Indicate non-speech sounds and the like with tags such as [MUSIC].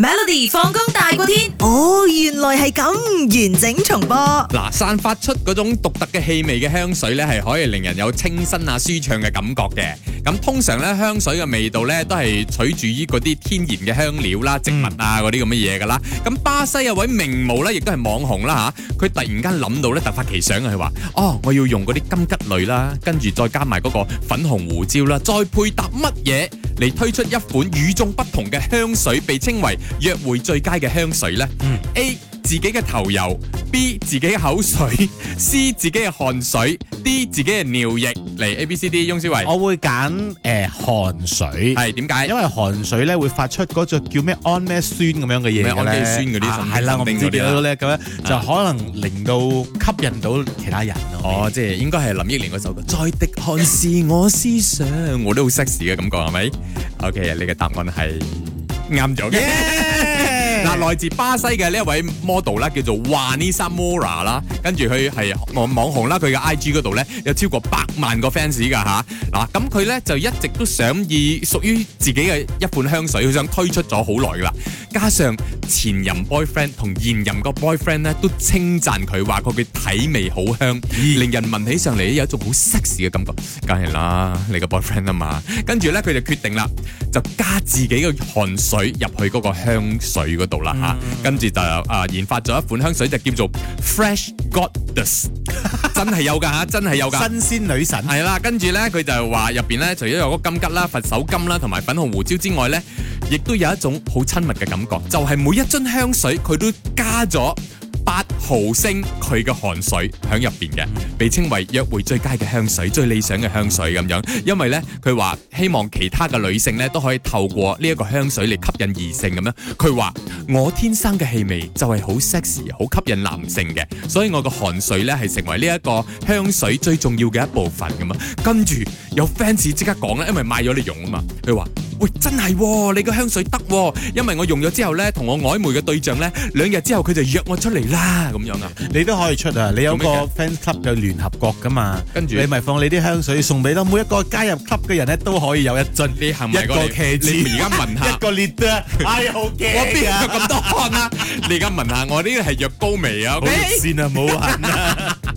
Melody 放工大過天，哦，原來係咁，完整重播。嗱，散發出嗰種獨特嘅氣味嘅香水咧，係可以令人有清新啊、舒暢嘅感覺嘅。咁通常咧，香水嘅味道咧都係取自於嗰啲天然嘅香料啦、植物啊嗰啲咁嘅嘢噶啦。咁巴西有位名模咧，亦都係網紅啦吓，佢、啊、突然間諗到咧，突發奇想啊，佢話：哦，我要用嗰啲金桔類啦，跟住再加埋嗰個粉紅胡椒啦，再配搭乜嘢？嚟推出一款與眾不同嘅香水，被稱為約會最佳嘅香水咧。嗯，A 自己嘅頭油，B 自己口水，C 自己嘅汗水，D 自己嘅尿液。嚟 A B C D，翁思維，我會揀誒汗水。係點解？因為汗水咧會發出嗰隻叫咩胺咩酸咁樣嘅嘢㗎咧。係啦，我明知點解都咁樣，就可能令到吸引到其他人。哦，即係應該係林憶蓮嗰首歌， [LAUGHS] 在滴汗是我思想，我都好 sexy 嘅感覺係咪？OK，你嘅答案係啱咗嘅。嗱， [LAUGHS] Yeah! [LAUGHS] 來自巴西嘅呢一位 model 啦，叫做 Vanessa Samora 啦，跟住佢係網網紅啦，佢嘅 IG 嗰度咧有超過百萬個 fans 噶吓。嗱、啊，咁佢咧就一直都想以屬於自己嘅一款香水，佢想推出咗好耐噶啦。加上前任 boyfriend 同現任個 boyfriend 咧都稱讚佢話過佢體味好香，令人聞起上嚟有一種好 sexy 嘅感覺，梗係啦，你個 boyfriend 啊嘛，跟住咧佢就決定啦，就加自己嘅汗水入去嗰個香水嗰度啦吓，啊嗯、跟住就啊研發咗一款香水就叫做 Fresh Goddess， [LAUGHS] 真係有噶吓，真係有噶，新鮮女神係啦，跟住咧佢就話入邊咧除咗有嗰金桔啦、佛手柑啦、同埋粉紅胡椒之外咧。亦都有一種好親密嘅感覺，就係每一樽香水佢都加咗八毫升佢嘅汗水喺入邊嘅，被稱為約會最佳嘅香水、最理想嘅香水咁樣。因為呢，佢話希望其他嘅女性呢都可以透過呢一個香水嚟吸引異性咁樣。佢話我天生嘅氣味就係好 sexy，好吸引男性嘅，所以我嘅汗水呢係成為呢一個香水最重要嘅一部分咁樣。跟住有 fans 即刻講啦，因為買咗你用啊嘛，佢話。喂，真係，你個香水得，因為我用咗之後咧，同我曖昧嘅對象咧，兩日之後佢就約我出嚟啦，咁樣啊？你都可以出啊，你有個 fans club 嘅聯合國噶嘛？跟住你咪放你啲香水送俾咯，每一個加入 club 嘅人咧都可以有一樽，一個 kers，一個 lead 啊！哎呀，好驚啊！我邊有咁多汗啊？你而家問下我呢？係藥膏味啊？先啊，唔好玩啊！